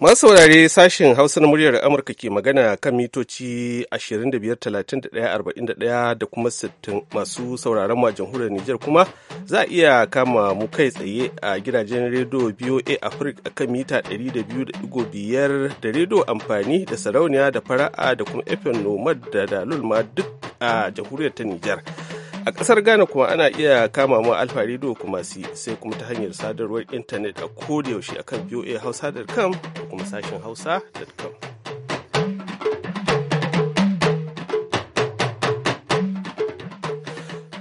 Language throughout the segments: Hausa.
Masu saurare sashen Hausa na muryar Amurka ke magana kan mitoci 25,31,41 da kuma 60 masu sauraron mu a jamhuriyar Nijar kuma za a iya kama mu kai tsaye a gidajen rediyo BOA Africa kan mita 200.5 da rediyo amfani da sarauniya da fara'a da kuma FM Nomad da Dalulma ma duk a jamhuriyar ta Nijar. A ƙasar Ghana kuma ana iya kama mu Alfa Radio kuma sai kuma ta hanyar sadarwar intanet a kodayaushe akan hausa.com da kuma sashen hausa.com.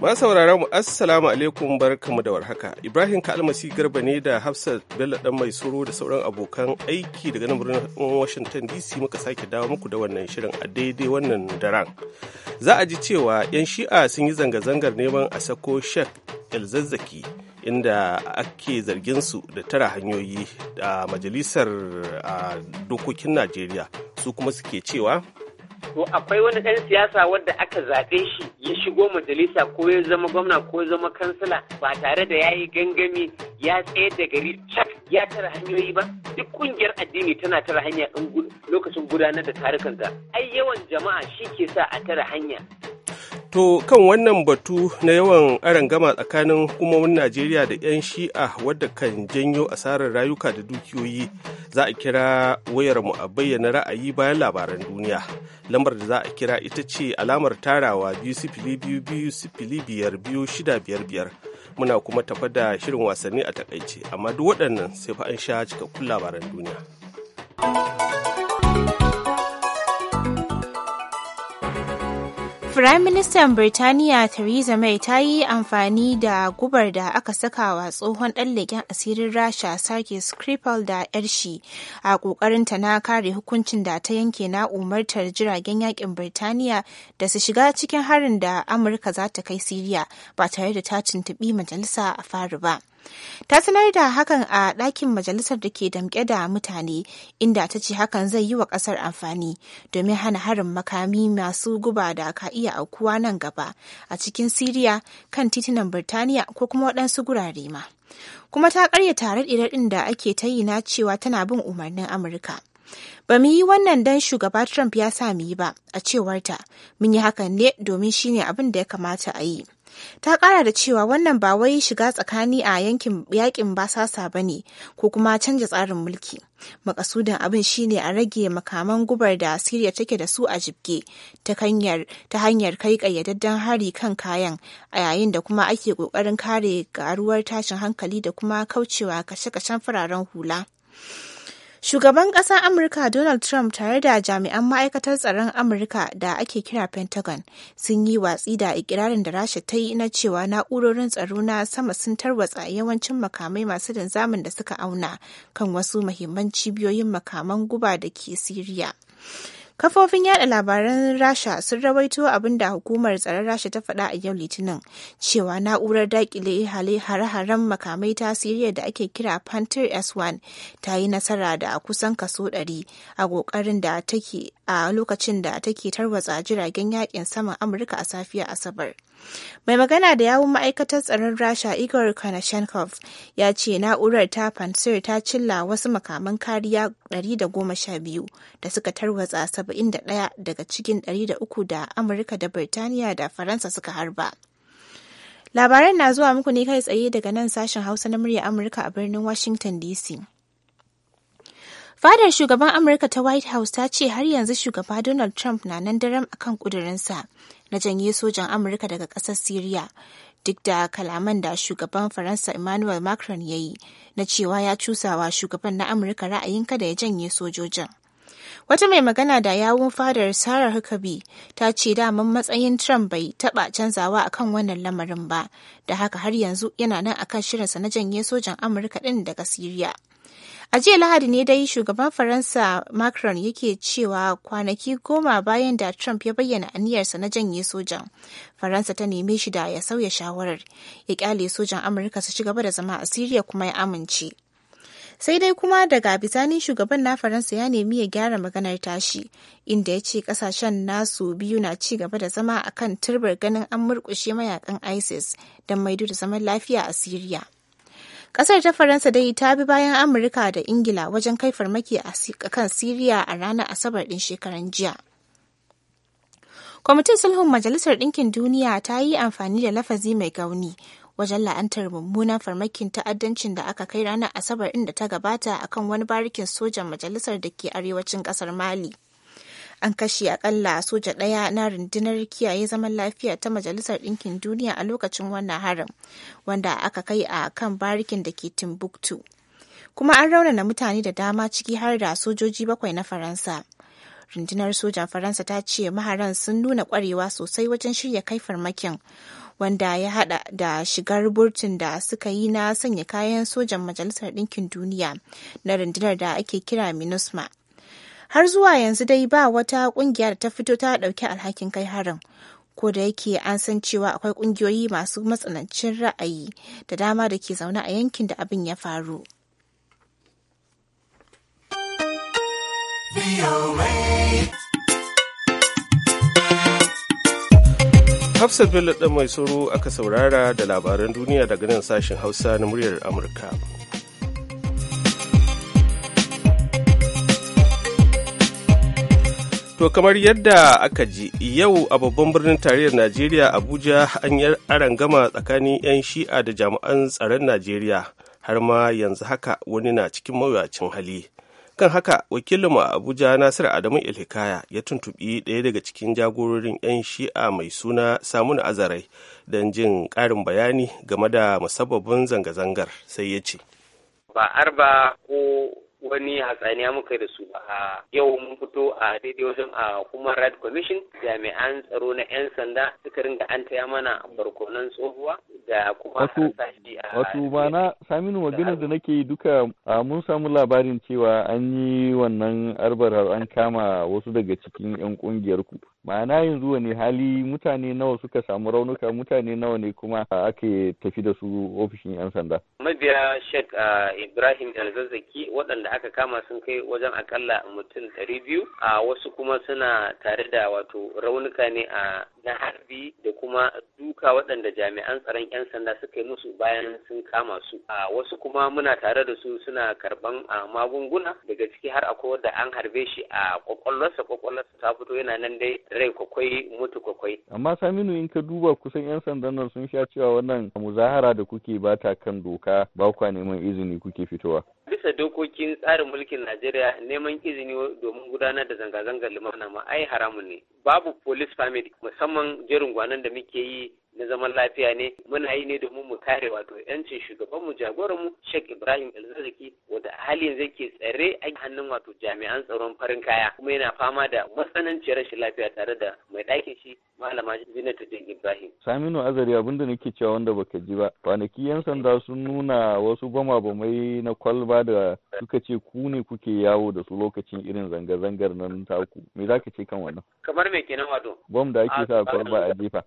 Ma sauraron mu assalamu alaikum barkamu da warhaka. Ibrahim Kalmasi Garba ne da Hafsat Bello dan mai suro da sauran abokan aiki daga nan birnin Washington DC muka sake dawo muku da wannan shirin a daidai wannan daren. Za a ji cewa 'yan shi'a sun yi zanga-zangar neman a sako Sheikh zazzaki inda ake zargin su da tara hanyoyi a majalisar dokokin Najeriya su kuma suke cewa to akwai wani ɗan siyasa wanda aka zaɓe shi ya shigo majalisa ko ya zama gwamna ko ya zama kansila ba tare da ya yi gangami ya tsaye da gari cak ya tara hanyoyi ba duk ƙungiyar addini tana tara hanya in lokacin gudanar da tarukan ai yawan jama'a shi ke sa a tara hanya To kan wannan batu na yawan gama tsakanin hukumomin Najeriya da 'yan shi'a wadda kan janyo asarar rayuka da dukiyoyi za a kira wayarmu a bayyana ra'ayi bayan labaran duniya. Lambar da za a kira ita ce alamar tarawa biyu sifili biyu biyu sifili biyar biyu shida biyar biyar. Muna kuma tafa da shirin wasanni a takaice, amma duk waɗannan sai fa an sha cikakkun labaran duniya. Firaministan Birtaniya Theresa May ta yi amfani da gubar da aka saka wa tsohon ɗan leƙen asirin Rasha sarki Skripal da 'yar shi a ƙoƙarinta na kare hukuncin da ta yanke na umartar jiragen yakin Birtaniya da su shiga cikin harin da Amurka za ta kai Siriya ba tare da ta tuntuɓi majalisa a fari ba. Ta sanar da hakan a ɗakin majalisar da ke damƙe da mutane inda ta ce hakan zai yi wa ƙasar amfani domin hana harin makami masu guba da ka iya aukuwa nan gaba a cikin Siriya kan titunan Birtaniya ko kuma waɗansu gurare ma. Kuma ta karya tare ɗin da ake ta yi na cewa tana bin umarnin Amurka. Ba mu yi wannan don shugaba Trump ya sa mu yi ba, a cewarta, mun yi hakan ne domin shine abin da ya kamata a yi. ta kara da cewa wannan ba wai shiga tsakani a yankin yakin basasa ba ne ko kuma canja tsarin mulki makasudin abin shine a rage makaman gubar da siriya take da su a jibge ta hanyar kai kayyadadden hari kan kayan a yayin da kuma ake kokarin kare karuwar tashin hankali da kuma kaucewa kashe-kashen fararen hula Shugaban ƙasar Amurka Donald Trump tare da jami'an ma'aikatar tsaron Amurka da ake kira Pentagon sun yi watsi da ikirarin da Rasha ta yi na cewa na'urorin tsaro na sama sun tarwatsa yawancin makamai masu linzamin da suka auna kan wasu mahimman cibiyoyin makaman guba da ke Siriya. Kafofin yada labaran Rasha sun rawaito abin da hukumar tsaron Rasha ta faɗa a yau Litinin cewa na'urar dakile hare-haren makamai ta Siriya da ake kira Panther S1 ta yi nasara da kusan kaso 100 a ƙoƙarin da take a lokacin da take tarwatsa jiragen yakin saman Amurka a safiya Asabar. Mai magana da yawun ma'aikatar tsaron Rasha Igor Konashenkov ya ce na'urar ta Pansir ta cilla wasu makaman kariya 112 da suka tarwatsa 71 daga cikin 300 da Amurka da Birtaniya da Faransa suka harba. Labaran na zuwa muku ne kai tsaye daga nan sashen Hausa na murya Amurka a birnin Washington DC. Fadar shugaban Amurka ta White House ta ce har yanzu shugaba Donald Trump na nan daren akan ƙudurinsa. na janye sojan Amurka daga ƙasar Siriya duk da kalaman da shugaban Faransa Emmanuel Macron ya yi na cewa ya cusawa shugaban na Amurka ra'ayin kada ya janye sojojin. Wata mai magana da yawun fadar Sarah Huckabee ta ce daman matsayin Trump bai taɓa canzawa akan wannan lamarin ba, da haka har yanzu yana nan akan shirinsa na janye sojan Amurka ɗin daga Siriya. A jiya Lahadi ne dai shugaban Faransa Macron yake cewa kwanaki goma bayan da Trump ya bayyana aniyarsa na janye sojan. Faransa ta neme shi da ya sauya shawarar, ya kyale sojan Amurka su ci gaba da zama a Siriya kuma ya amince. sai dai kuma daga bisani shugaban na faransa ya nemi ya gyara maganar tashi inda ya ce kasashen nasu biyu na ci gaba da zama akan turbar ganin an murkushe mayakan isis don maido da zaman lafiya a siriya Ƙasar ta Faransa dai ta bi bayan Amurka da Ingila wajen kai farmaki a kan Siriya a ranar Asabar ɗin shekaran jiya. Kwamitin Sulhun Majalisar Ɗinkin Duniya ta yi amfani da lafazi mai gauni wajen la'antar mummunan farmakin ta'addancin da aka kai ranar Asabar ɗin da ta gabata akan wani barikin sojan majalisar da ke arewacin ƙasar Mali. an kashe akalla soja ɗaya na rundunar kiyaye zaman lafiya ta majalisar ɗinkin duniya a lokacin wannan harin wanda aka kai a kan barikin da ke timbuktu kuma an raunana mutane da dama ciki har da sojoji bakwai na faransa rundunar sojan faransa ta ce maharan sun nuna kwarewa sosai wajen shirya kai farmakin wanda ya hada da shigar burtun da suka yi na sanya kayan sojan majalisar ɗinkin duniya na rundunar da ake kira minusma har zuwa yanzu dai ba wata kungiya da ta fito ta ɗauki alhakin kai harin ko da yake an san cewa akwai kungiyoyi masu matsanancin ra'ayi da dama da ke zaune a yankin da abin ya faru hafsa Bello ɗan mai tsoro aka saurara da labaran duniya daga nan sashen Hausa na muryar Amurka. To kamar yadda aka ji yau a babban birnin tarayyar Najeriya Abuja an yi arangama tsakanin 'yan shi'a da jami'an tsaron Najeriya har ma yanzu haka wani na cikin mawuyacin hali. Kan haka Wakilin a Abuja Nasir Adamu Ilhikaya ya tuntuɓi ɗaya daga cikin jagororin 'yan shi'a mai suna samun Azarai don jin ƙarin bayani game da musabbabin zanga-zangar sai ya ce. Ba arba ko wani hatsaniya muka da su a yau mun fito a daidai wajen a human rights commission jami'an tsaro na 'yan sanda suka ringa an taya mana barkonan tsohuwa da kuma wasu ba na saminu maganar da nake duka mun samu labarin cewa an yi wannan arbarar an kama wasu daga cikin 'yan kungiyar ku ma'ana yanzu wani hali mutane nawa suka samu raunuka mutane nawa ne kuma ake tafi da su ofishin 'yan sanda mabiya sheikh ah, ibrahim alzazzaki waɗanda aka kama sun kai wajen akalla mutum ɗari biyu a ah, wasu kuma suna tare da wato raunuka ne a na harbi da kuma duka waɗanda jami'an tsaron 'yan sanda suka yi musu bayan sun kama su a ah, wasu kuma muna tare da su suna karban magunguna daga ciki har akwai wanda an harbe shi a kwakwalwarsa kwakwalwarsa ta fito yana nan dai rai kwakwai mutu kwakwai. Amma Saminu in ka duba kusan 'yan sandan nan sun sha cewa wannan muzahara da kuke ba ta kan doka ba kwa neman izini kuke fitowa. Bisa dokokin tsarin mulkin Najeriya neman izini domin gudanar da zanga-zangar limana ma ai haramun ne. Babu police permit musamman jerin gwanon da muke yi na zaman lafiya ne muna yi ne domin mu kare wato yancin shugaban mu jagoran mu Sheikh Ibrahim Elzazaki wanda hali yanzu yake tsare a hannun wato jami'an tsaron farin kaya kuma yana fama da matsananciyar rashin lafiya tare da mai ɗakin shi malama Zinatuddin Ibrahim. Saminu Azari da nake cewa wanda baka ji ba kwanaki yan sanda sun nuna wasu bama-bamai na kwalba da suka ce ku ne kuke yawo da su lokacin irin zanga-zangar nan taku me za ka ce kan wannan kamar me kenan wato bom da ake sa kwalba a jefa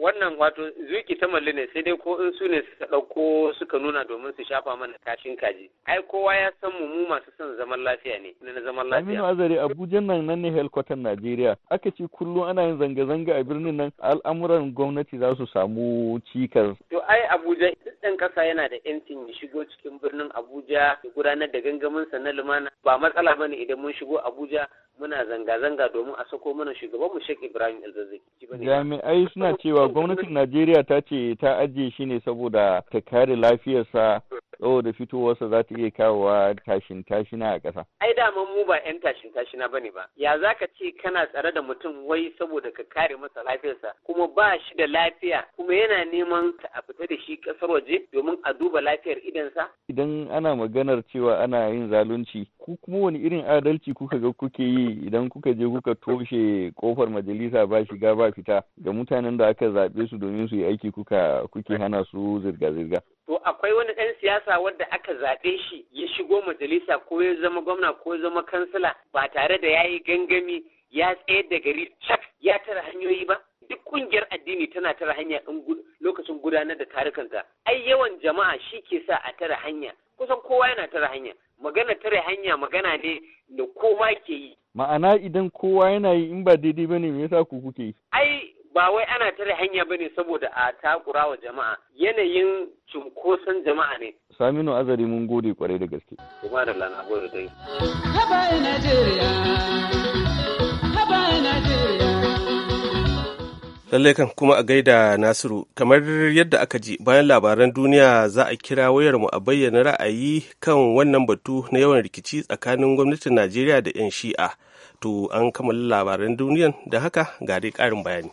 wannan wato zuki ta malli ne sai dai ko in su ne suka ɗauko suka nuna domin su shafa mana kashin kaji ai kowa ya san mu mu masu son zaman lafiya ne na zaman lafiya Aminu Azare Abuja nan nan ne helkwatan Najeriya aka ce kullum ana yin zanga-zanga a birnin nan al'amuran gwamnati za su samu cikas to ai Abuja ɗan kasa yana da yancin ya shigo cikin birnin Abuja ya gudanar da gangamin sa na lumana ba matsala ba ne idan mun shigo Abuja muna zanga-zanga domin a sako mana shugaban mu Sheikh Ibrahim Elzazzaki jami'ai suna cewa gwamnatin Najeriya ta ce ta ajiye shi ne saboda ta kare lafiyarsa saboda fitowarsa za ta iya kawowa tashin tashina a ƙasa. Ai dama mu ba 'yan tashin tashina bane ba. Ya za ka ce kana tsare da mutum wai saboda ka kare masa lafiyarsa kuma ba shi da lafiya kuma yana neman a fita da shi ƙasar waje domin a duba lafiyar idansa. Idan ana maganar cewa ana yin zalunci ku kuma wani irin adalci kuka ga kuke yi idan kuka je kuka toshe kofar majalisa ba shiga ba fita ga mutanen da aka zaɓe su domin su yi aiki kuka kuke hana su zirga-zirga. To akwai wani ɗan siyasa wanda aka zaɓe shi ya shigo majalisa ko ya zama gwamna ko ya zama kansila ba tare da ya yi gangami ya tsayar da gari cak ya tara hanyoyi ba. Duk ƙungiyar addini tana tara hanya in lokacin gudanar da tarukanta. Ai yawan jama'a shi ke sa a tara hanya. Kusan kowa yana tara hanya. Magana tare hanya magana ne da kowa ke yi. Ma'ana idan kowa yana yi in ba daidai ba ne me yasa ku kuke yi? Ai ba wai ana tare hanya ba ne saboda a takura wa jama'a yanayin cunkoson jama'a ne. Saminu Azari mun gode kwarai da gaske. Kuma da lana gode dai. Haba Najeriya, haba Najeriya. Lallai kan kuma a gaida Nasiru, kamar yadda aka ji bayan labaran duniya za a kira wayarmu a bayyana ra'ayi kan wannan batu na yawan rikici tsakanin gwamnatin Najeriya da 'yan shi'a. To an kammala labaran duniyan da haka ga dai ƙarin bayani.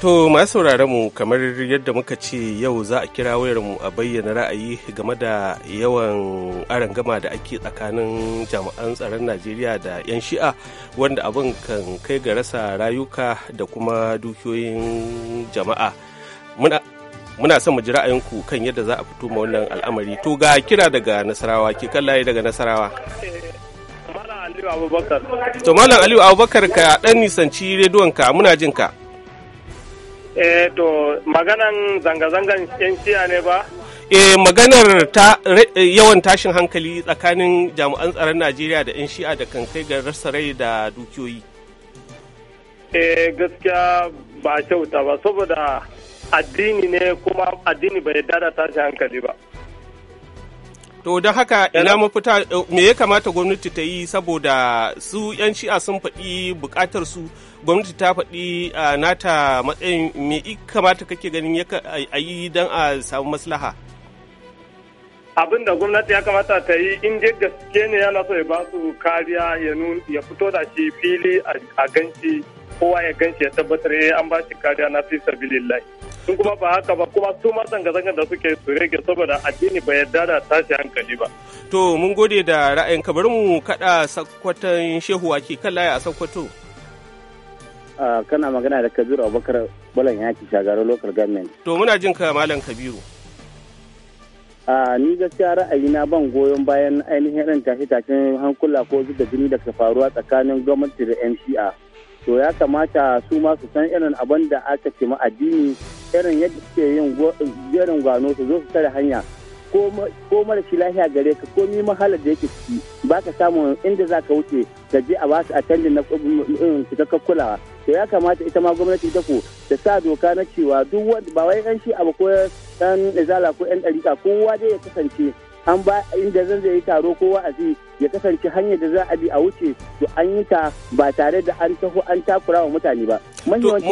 To masu mu kamar yadda muka ce yau za a kira wayarmu a bayyana ra'ayi game da yawan arangama da ake tsakanin jami'an tsaron Najeriya da 'yan shi'a wanda abin kan kai ga rasa rayuka da kuma dukiyoyin jama'a. Muna, muna son mu ji ra'ayinku kan yadda za a fito ma wannan al'amari. To ga kira daga Nasarawa, ke kallaye daga Nasarawa. To Malam Aliyu Abubakar ka ɗan nisanci rediyon ka muna jin ka. eh to maganan zanga-zangan yan siya ne ba eh maganar ta yawan tashin hankali tsakanin jami'an tsaron najeriya da yan shi'a da kan kai ga rasa rai da dukiyoyi eh gaskiya ba kyauta ba saboda addini ne kuma addini bai yarda da tashin hankali ba To don haka ina mafita eh, me ya kamata gwamnati ta yi saboda su 'yan shi'a sun faɗi buƙatar su gwamnati ta faɗi nata matsayin me kamata kake ganin ya a yi don a samu maslaha. Abin da gwamnati ya kamata ta yi in dai gaske ne yana so ya ba su kariya ya fito da shi fili a ganci kowa ya ganci ya tabbatar ya eh, an ba shi kariya na fi sabilillahi. in kuma ba haka ba kuma su ma zanga-zangar da suke su rage saboda addini bai yarda da tashi hankali ba. To mun gode da ra'ayin kamar mu kaɗa sakwatan shehu ake kan laya a sakwato. kana magana da Kabiru Abubakar Balan Yaki shagarar Local Government. To muna jin ka Malam Kabiru. a ni gaskiya ra'ayina ban goyon bayan ainihin irin tashe tashin hankula ko zuba jini da ka faruwa tsakanin gwamnati da ncr to ya kamata su ma su san irin abin da aka ce ma addini irin yadda suke yin jerin gwano su zo su tare hanya ko mara shi lafiya gare ka ko nima halar da yake ciki ba ka samu inda za ka wuce ka je a basu a canjin na mm, cikakken kulawa to ya kamata ita ma gwamnati ta ku ta sa doka na cewa duk ba wai ɗan shi abu ko yan izala ko yan ɗarika kowa dai ya kasance an ba inda zan zai yi taro ko wa'azi ya kasance hanyar da za a bi a wuce to an yi ta ba tare da an taho an takura wa mutane ba manyan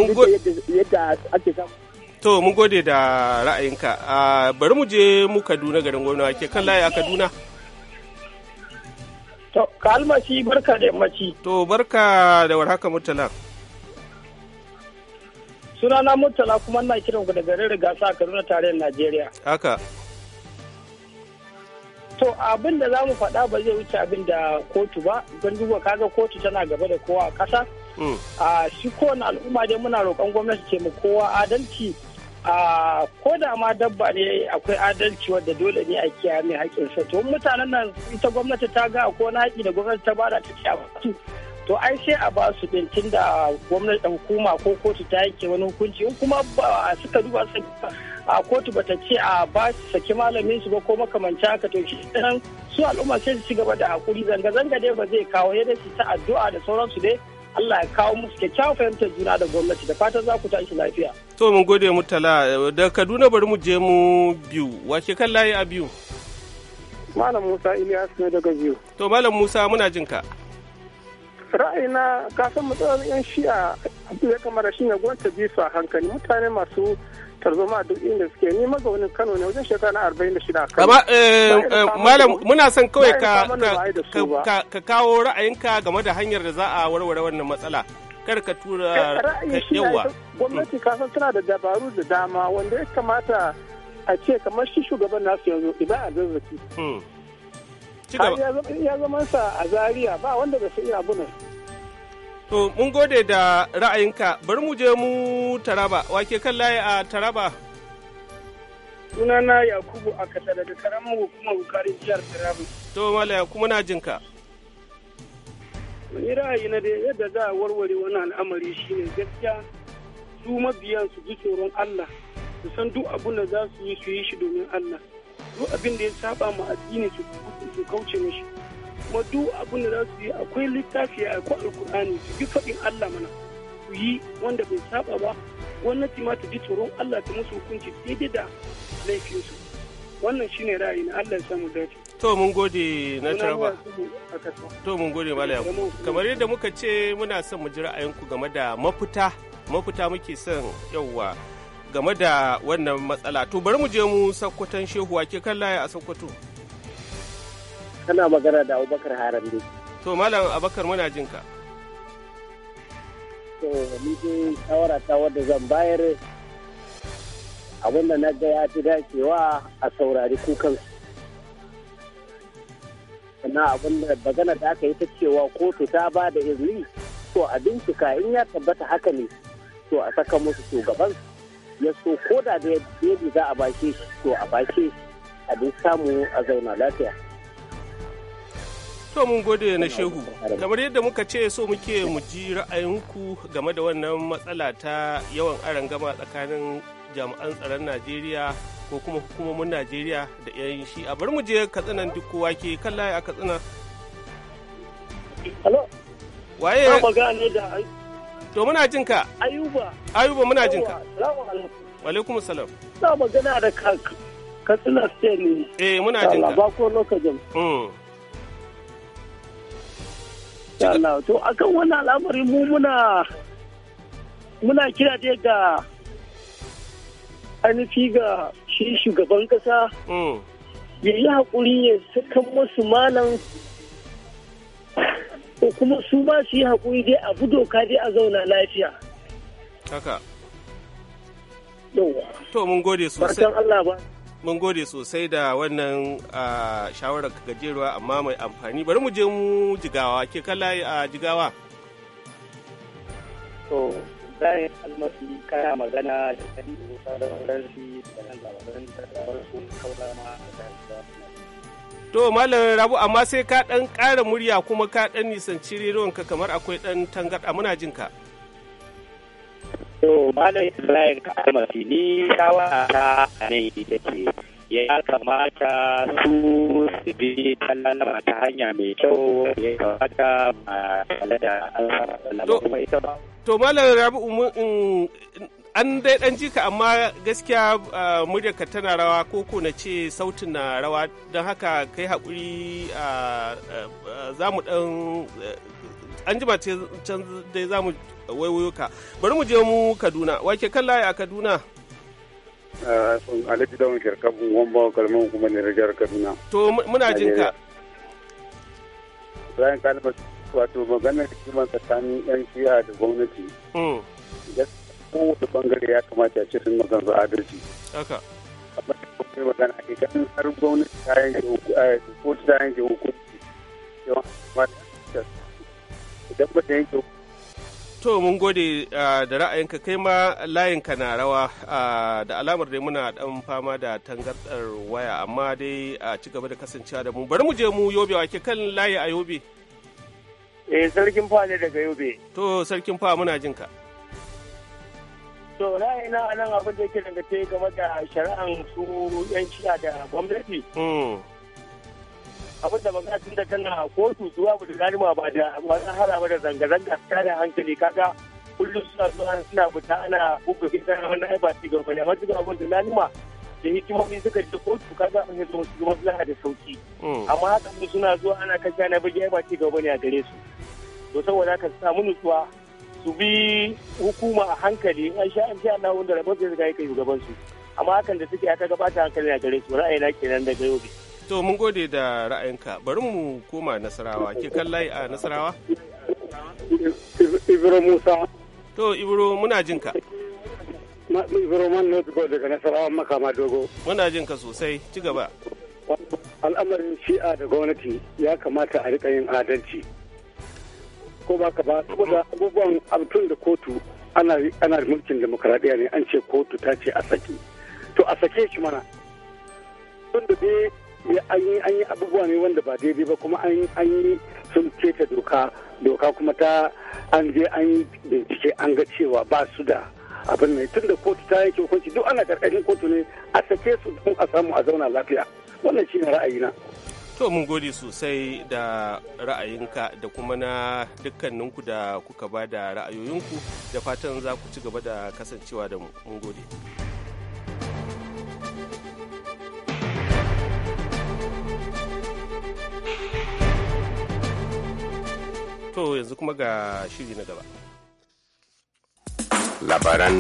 yadda ake samu to mun gode da ra'ayinka ah, bari mu je mu kaduna garin gwamna ke kan layi a kaduna to kalmashi barka da yammaci to barka da warhaka mutala sunana mutala kuma na kiran ku daga garin rigasa a kaduna tarayyar najeriya haka to abin da za mu faɗa ba zai wuce abin da kotu ba don duba kaga kotu tana gaba da kowa a ƙasa hmm. a shi kowane al'umma dai muna roƙon gwamnati ce mu kowa adalci a ko da ma dabba ne akwai adalci wadda dole ne a kiyaye mai haƙƙinsa to mutanen nan ita gwamnati ta ga ko na haƙƙi da gwamnati ta bada ta kiyaye. a to ai sai a ba su din tunda gwamnati hukuma ko kotu ta yanke wani hukunci in kuma suka duba a kotu bata ce a ba su saki malamin su ba ko makamanci haka to shi su al'umma sai su ci gaba da hakuri zanga-zanga dai ba zai kawo yadda su ta addu'a da sauransu dai Allah ya kawo musu kyakkyawar fahimtar juna da gwamnati da fatan za ku tashi lafiya. To mun gode tala da Kaduna bari mu je mu biyu wace kan layi a biyu. Malam Musa Ilyas ne daga biyu. To Malam Musa muna jinka. ka. ra'ayina kasan matsalar 'yan shi'a ya kamata shine gwamnati bi su a hankali mutane masu tarzoma duk inda suke ni mazaunin Kano ne wajen shekara na arba'in da shida Kano. Eh, eh, malam muna son kawai ka kawo ra'ayinka game da hanyar da za a warware wannan matsala. Kar ka tura eh, yawa. Gwamnati kasan tana da dabaru da dama wanda ya kamata a ce kamar shi shugaban nasu yanzu idan a zazzaki. Ya zaman sa a Zariya, ba wanda bai san abu To mun gode da ra'ayinka bari mu je mu Taraba wake kan layi a Taraba. Sunana Yakubu a kasa daga karamin hukumar Bukari jihar Taraba. To Mala Yakubu na jinka. Ni ra'ayi na da yadda za a warware wani al'amari shi ne gaskiya su mabiyan su ji tsoron Allah su san duk abun da za su yi su yi shi domin Allah. duk abin da ya saba ma addini su kauce mishi kuma duk abin da za su yi akwai littafi akwai alkur'ani su bi faɗin Allah mana su yi wanda bai saba ba gwamnati ma ta ji tsoron Allah ta musu hukunci daidai da laifinsu wannan shine ra'ayi na Allah ya samu dace To mun gode na taraba. To mun gode Malam Kamar yadda muka ce muna son mu ji ra'ayinku game da mafita, mafita muke son yauwa. game da wannan matsala to bari mu je mu sakkwaton shehu ke kalla ya a sakkwato kana magana da abubakar harambe to malam abubakar muna jin ka to ni ke shawara ta wadda zan bayar abinda na ga ya fi dacewa a saurari kukan sannan abinda magana da aka yi ta cewa kotu ta ba da izini to a bincika in ya tabbata haka ne to a saka musu shugaban ya so ko da da ya za a bashe to a bashe a dai samu a zauna lafiya. To mun gode na shehu, kamar yadda muka ce so muke mu ji ra'ayinku game da wannan matsala ta yawan aron gama tsakanin jami'an tsaron Najeriya ko kuma hukumomin Najeriya da 'yan shi a bar mu je katsinan duk kowa ke kalla a katsina. Waye? To muna jin ka. Ayuba. Ayuba muna jin ka. Wa alaikum salam. Na magana da ka Katsina State ne. Eh muna jin ka. Ba ko lokacin. Mm. Allah to akan wannan al'amari mu muna muna kira dai ga ainihi ga shi shugaban kasa mm. ya yi haƙuri ya sakan musu malam ko kuma su ba su yi haƙuri dai a doka dai a zauna lafiya. Haka. To mun gode sosai. Allah ba. Mun gode sosai da wannan shawarar gajeruwa amma mai amfani. Bari mu je mu jigawa, ke kala a jigawa. To, bayan almasi kana magana da kadi da wasu da sauran da sauran da sauran da sauran da da da To Malam Rabu amma sai ka ɗan ƙara murya kuma ka ɗan nisanci rediyon ka kamar akwai ɗan tangarɗa muna jin ka. To Malam Ibrahim ka almasi ni shawara ta nan ita ce ya kamata su su bi tallalama ta hanya mai kyau ya kamata ba tare da an To Malam Rabu an dai dan jika amma gaskiya muryarka tana rawa ko ko na ce sautin na rawa don haka kai haƙuri za mu dan an jima can dai za mu waiwayo ka bari mu je mu kaduna wake kan layi a kaduna alhaji dawon shirkabin wamba kalmar kuma ne rajar kaduna to muna jin ka bayan kalmar wato maganar kiman tsakanin yan shi'a da gwamnati mm. wasu bangare ya kamata ce sun magana adalci. da kuma magana a kan har gwamnati ta yanke hukunci eh, ta yanke hukunci. idan ba ta yanke To mun gode eh, da ra'ayinka kai ma layinka na rawa eh, da alamar dai muna dan fama da tangardar waya amma dai a ci gaba da kasancewa da mu bari mu je mu yobe wa ke kan layi a yobe. Eh sarkin fa ne daga yobe. To sarkin fa muna jinka. ka. to na yi na nan abin da yake dangace game da shari'an su yan shiya da gwamnati hmm. abin da magana tun da tana kotu zuwa da zalima ba da wani harama da zanga-zanga ta da hankali kaga kullum suna zuwa suna fita ana buga fita na wani aiba ci gaba ne amma abin da zalima da hikimomi suka ji kotu kaga an yanzu wasu maslaha da sauki hmm. amma haka suna zuwa ana kashe na bugi aiba ci gaba ne a gare su to saboda haka samu nutsuwa su bi hukuma a hankali an sha an sha Allah wanda rabon zai riga yake shugaban su amma hakan da suke aka gabata hankali a gare su ra'ayi na kenan da gayobe to mun gode da ra'ayinka bari mu koma nasarawa ke kallai a nasarawa Ibro Musa to Ibro muna jin ka Ibro man ne daga nasarawa makama dogo muna jin ka sosai ci gaba al'amarin shi'a da gwamnati ya kamata a riƙa yin adalci ko ba ka ba saboda abubuwan abutun da kotu ana mulkin demokaradiyya ne an ce kotu ta ce a sake to a sake shi mana tun da dai an yi abubuwa ne wanda ba daidai ba kuma an yi sun keta doka doka kuma ta an je an yi bincike an ga cewa ba su da abin mai tun da kotu ta yanke hukunci duk ana karkashin kotu ne a sake su don a samu a zauna lafiya wannan shi ra'ayina. ra'ayi na To mun gode sosai da ra'ayinka da kuma na dukkaninku da kuka ba da ra'ayoyinku da fatan za ku ci gaba da kasancewa da Mun gode. To yanzu kuma ga shiri na gaba. labaran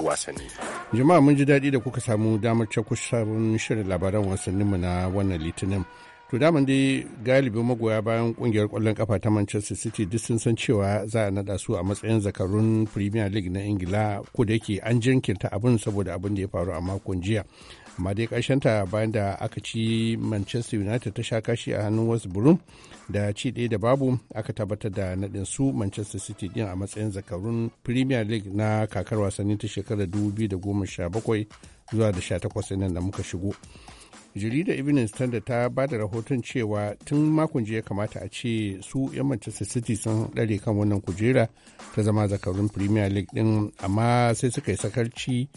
wasanni. Jama'a mun ji daɗi da kuka samu damar cakushin shirin labaran wasanninmu na wannan litinin. to daman dai galibin magoya bayan kungiyar kwallon kafa ta manchester city duk sun san cewa za a nada su a matsayin zakarun premier league na ingila ko da yake an jinkirta abin saboda abin da ya faru a makon jiya amma dai ta bayan da aka ci manchester united ta sha kashi a hannun wasu burum da ci ɗaya da babu aka tabbatar da naɗin su manchester city din a matsayin zakarun premier league na kakar wasanni ta shekarar 2017 zuwa da 18 nan da muka shigo jarida evening standard ta ba da rahoton cewa tun makon jiya kamata a ce su 'yan manchester city sun ɗare kan wannan kujera ta zama zakarun premier league din amma sai suka yi sakarci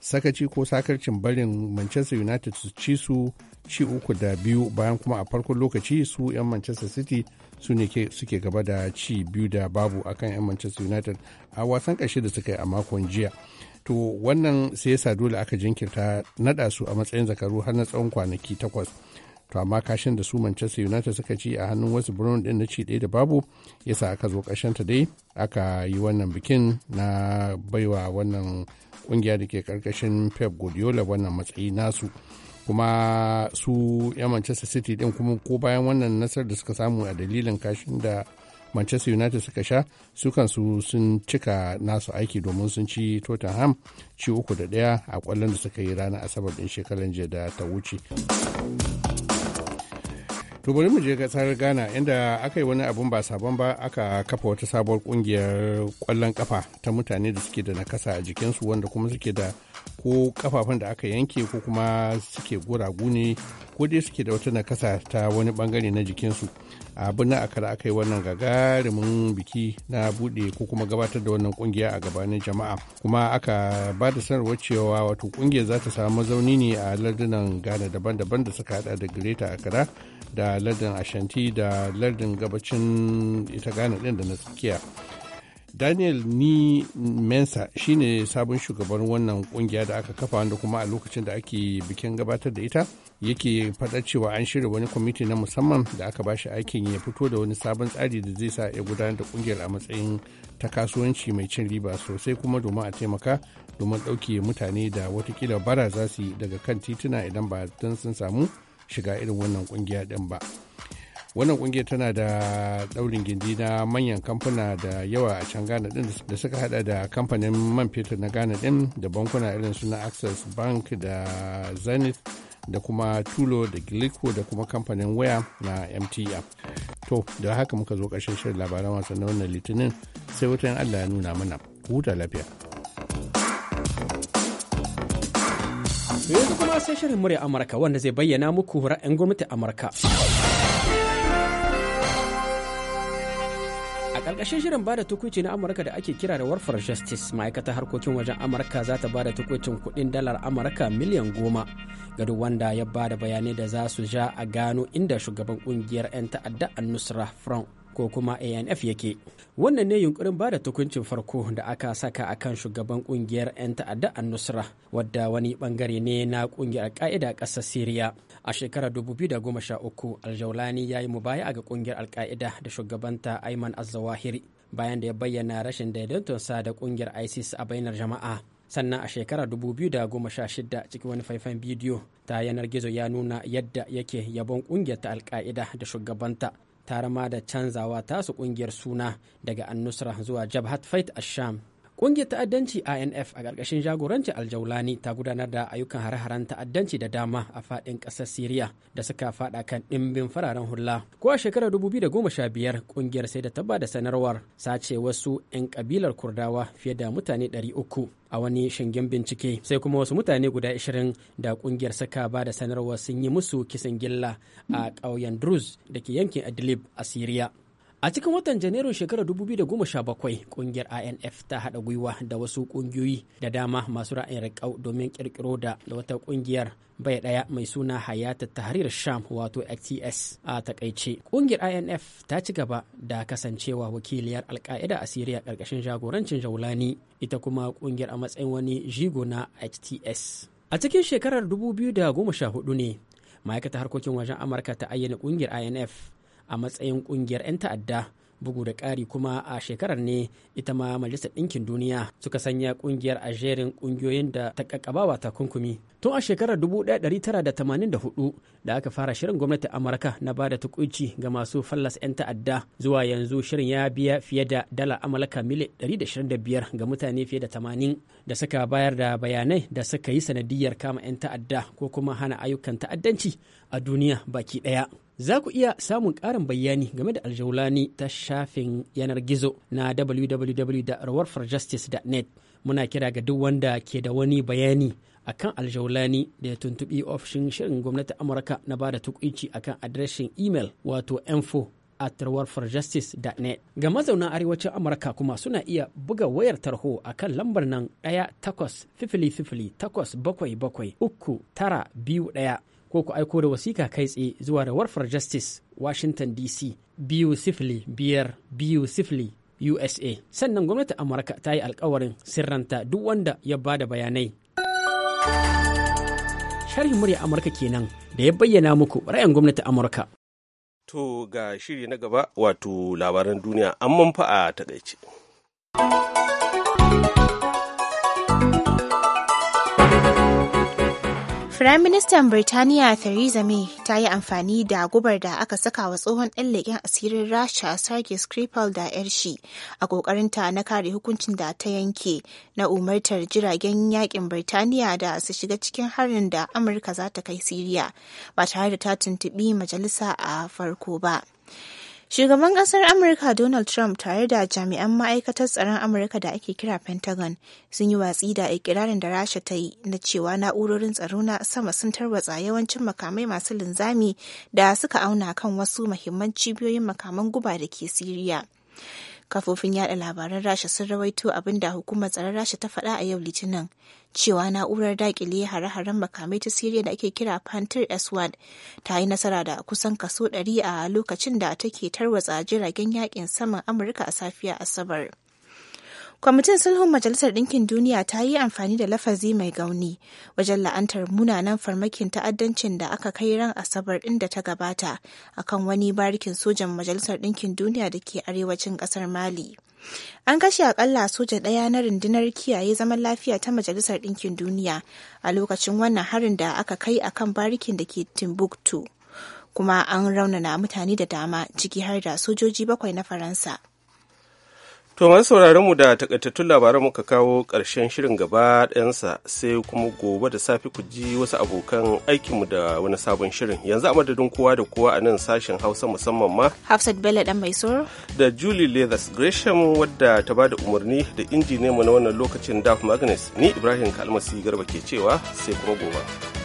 sakaci ko sakarcin barin manchester united su ci su ci uku da biyu bayan kuma a farkon lokaci su 'yan manchester city su ne suke gaba da ci biyu da babu akan 'yan manchester united a wasan ƙarshe da suka yi a makon jiya to wannan sai ya sa dole aka jinkirta naɗa su a matsayin zakaru har na tsawon kwanaki takwas to amma kashin da su manchester united suka ci a hannun wasu brown din na ci daya da babu ya sa aka zo ta dai aka yi wannan bikin na baiwa wannan kungiya da ke karkashin pep guardiola wannan matsayi nasu kuma su 'yan manchester city din kuma ko bayan wannan nasar da suka samu a dalilin kashin da manchester united suka sha su kansu sun cika nasu aiki domin sun ci tottenham ci uku da ɗaya a kwallon da suka yi ranar asabar din shekaran jiya da ta wuce to bari mu je kasar ghana inda aka yi wani abun ba sabon ba aka kafa wata sabuwar kungiyar kwallon kafa ta mutane da suke da nakasa a jikinsu wanda kuma suke da ko kafafun da aka yanke ko kuma suke guragu ne ko dai suke da wata nakasa ta wani bangare na jikinsu a na akara aka yi wannan gagarumin biki na bude ko kuma gabatar da wannan kungiya a gabanin jama'a kuma aka ba da sanarwar cewa wato kungiyar za ta samu zauni ne a lardunan ghana daban-daban da suka hada da greta akara da lardin ashanti da lardin gabacin ita ghana din da na tsakiya daniel ni mensa shine sabon shugaban wannan kungiya da aka kafa wanda kuma a lokacin da ake bikin gabatar da ita yake faɗa cewa an shirya wani kwamiti na musamman da aka ba shi aikin ya fito da wani sabon tsari da zai sa ya gudanar da kungiyar a matsayin ta kasuwanci mai cin riba sosai kuma domin a taimaka domin ɗauke mutane da watakila bara za su yi daga kan tituna idan ba don sun samu shiga irin wannan kungiya ɗin ba. wannan kungiyar tana da daurin gindi na manyan kamfuna da yawa a can ghana din da suka hada da kamfanin man fetur na ghana din da bankuna irin su na access bank da zenith da kuma tulo da glico da kuma kamfanin waya na mtr to da haka muka zo ƙarshen shirin labaran wasan na wannan litinin sai wutan allah ya nuna mana huta lafiya yanzu kuma sai shirin murya amurka wanda zai bayyana muku ra'ayin gwamnatin amurka ƙarƙashin shirin bada tukuci na amurka da ake kira da warfar justice ma'aikatar harkokin wajen amurka za ta bada tukucin kuɗin dalar amurka miliyan goma ga duk wanda ya bada bayanai da za su ja a gano inda shugaban ƙungiyar 'yan ta'adda annusra front ko kuma anf yake wannan ne yunkurin ba da tukuncin farko da aka saka a kan shugaban kungiyar 'yan ta'adda a nusra wadda wani bangare ne na kungiyar ka'ida ƙasar siriya a shekarar 2013 aljaulani ya yi mubaya ga kungiyar alka'ida da shugabanta ayman azawahiri bayan da ya bayyana rashin daidaitonsa da kungiyar isis a bainar jama'a sannan a shekarar 2016 cikin wani faifan bidiyo ta yanar gizo ya nuna yadda yake yabon kungiyar ta alka'ida da shugabanta tare ma da canzawa tasu kungiyar suna daga annusra zuwa jabhat fait asham Ƙungiyar ta'addanci INF a ƙarƙashin jagoranci aljaulani ta gudanar da ayyukan hare-haren ta'addanci da dama a faɗin ƙasar Siriya da suka faɗa kan ɗimbin fararen hula. Ko a shekarar 2015 ƙungiyar sai da ta ba da sanarwar sace wasu 'yan ƙabilar Kurdawa fiye da mutane 300. a wani shingen bincike sai kuma wasu mutane guda 20 da kungiyar saka ba da sanarwa sun yi musu kisan gilla a ƙauyen druze da ke yankin adlib a syria A cikin watan Janairun shekarar 2017 kungiyar INF ta haɗa gwiwa da wasu kungiyoyi da dama masu ra'ayin riƙau domin ƙirƙiro da wata kungiyar bai ɗaya mai suna Hayata Tahrir Sham wato XTS a takaice. Kungiyar INF ta ci gaba da kasancewa wakiliyar alka'ida a Siriya ƙarƙashin jagorancin Jaulani ita kuma kungiyar a matsayin wani jigo na HTS. A cikin shekarar 2014 ne ma'aikata harkokin wajen Amurka ta ayyana kungiyar INF a matsayin kungiyar 'yan ta'adda bugu da ƙari kuma a shekarar ne ita ma majalisar ɗinkin duniya suka sanya ƙungiyar a jerin ƙungiyoyin da ta ƙaƙabawa takunkumi tun a shekarar 1984 da aka fara shirin gwamnatin amurka na ba da tukunci ga masu fallas 'yan ta'adda zuwa yanzu shirin ya biya fiye da dala amurka mili 125 ga mutane fiye da 80 da suka bayar da bayanai da suka yi sanadiyar kama 'yan ta'adda ko kuma hana ayyukan ta'addanci a duniya baki ɗaya Za ku iya samun ƙarin bayani game da aljaulani ta shafin yanar gizo na www.rawarforjustice.net. Muna kira ga duk wanda ke da wani bayani a kan aljaulani da ya tuntubi ofishin shirin gwamnati Amurka na ba da tukunci akan adireshin imel wato info at rawarforjustice.net. Ga mazauna arewacin Amurka kuma suna iya buga wayar tarho a kan lambar nan ɗaya takwas fifili fifili takwas bakwai bakwai uku tara biyu ɗaya. ko ku aiko da wasika kai tsaye zuwa da warfar justice washington dc biyu sifili biyar biyu sifili usa sannan gwamnati amurka ta yi alkawarin sirranta duk wanda ya ba da bayanai sharhin murya amurka kenan da ya bayyana muku ra'ayin gwamnati amurka to ga shiri na gaba wato labaran duniya an fa a takaice. Firaministan Birtaniya Theresa May ta yi amfani da gubar da aka saka wa tsohon ɗan leƙen asirin Rasha Sergei Skripal da 'yar shi a ƙoƙarinta na kare hukuncin da ta yanke na umartar jiragen yakin Birtaniya da su shiga cikin harin da Amurka za ta kai Siriya ba tare da ta tuntuɓi majalisa a farko ba. Shugaban ƙasar Amurka Donald Trump tare da jami'an ma'aikatar tsaron Amurka da ake kira Pentagon sun yi watsi da ikirarin da Rasha ta yi na cewa na'urorin tsaro na sama sun tarwatsa yawancin makamai masu linzami da suka auna kan wasu mahimman cibiyoyin makaman guba da ke Siriya. kafofin yada labaran rasha sun rawaito abin da hukumar tsaron rasha ta faɗa a yau litinin cewa na'urar dakile hare-haren makamai ta siriya da ake kira panther s1 ta yi nasara da kusan kaso 100 a lokacin da take tarwatsa jiragen yakin saman amurka a safiya asabar Kwamitin sulhun Majalisar Ɗinkin Duniya ta yi amfani da lafazi mai gauni wajen la'antar munanan farmakin ta'addancin da aka kai ran Asabar ɗin da ta gabata akan wani barikin sojan Majalisar Ɗinkin Duniya da ke arewacin ƙasar Mali. An kashe akalla soja ɗaya na rundunar kiyaye zaman lafiya ta Majalisar Ɗinkin Duniya a lokacin wannan harin da aka kai akan barikin da ke Timbuktu, kuma an raunana mutane da dama ciki har da sojoji bakwai na Faransa. To masu sauraron mu da takaitattun labaran muka kawo ƙarshen shirin gaba ɗayansa sai kuma gobe da safi ku ji wasu abokan aikinmu da wani sabon shirin. Yanzu a madadin kowa da kowa a nan sashen Hausa musamman ma. Hafsat Bello dan mai soro. Da Julie Leathers Gresham wadda ta ba da umarni da injiniyanmu na wannan lokacin Daf Magnus. Ni Ibrahim Kalmasi Garba ke cewa sai kuma gobe.